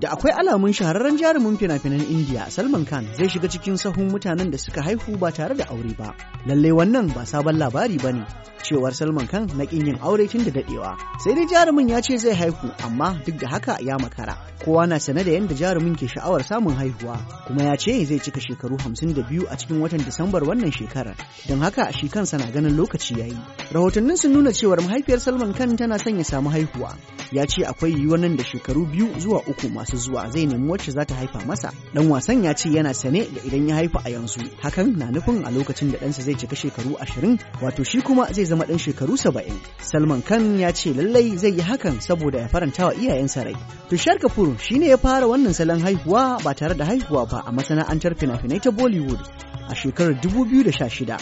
da akwai alamun shahararren jarumin fina-finan indiya salman khan zai shiga cikin sahun mutanen da suka haihu ba tare da aure ba lallai wannan ba sabon labari ba ne cewar Salman Khan na kin yin aure tun da dadewa. Sai dai jarumin ya ce zai haihu amma duk da haka ya makara. Kowa na sane da yadda jarumin ke sha'awar samun haihuwa kuma ya ce zai cika shekaru 52 a cikin watan Disambar wannan shekarar. Don haka shi kansa na ganin lokaci yayi. Rahotannin sun nuna cewar mahaifiyar Salman Khan tana son ya samu haihuwa. Ya ce akwai yiwuwar nan da shekaru biyu zuwa uku masu zuwa zai nemi wacce za ta haifa masa. Dan wasan ya ce yana sane da idan ya haifa a yanzu hakan na nufin a lokacin da ɗansa zai cika shekaru 20 wato shi kuma zai zama zama ɗan shekaru saba'in. Salman Khan ya ce lallai zai yi hakan saboda ya faranta wa iyayensa rai. Tushar shi shine ya fara wannan salon haihuwa ba tare da haihuwa ba a masana'antar fina-finai ta Bollywood a shekarar dubu biyu da sha shida,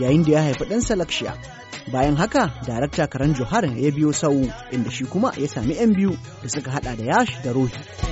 yayin da ya haifi ɗan salakshiya bayan haka darakta karan johar ya biyo sau inda shi kuma ya sami 'yan biyu da suka haɗa da yash da rohi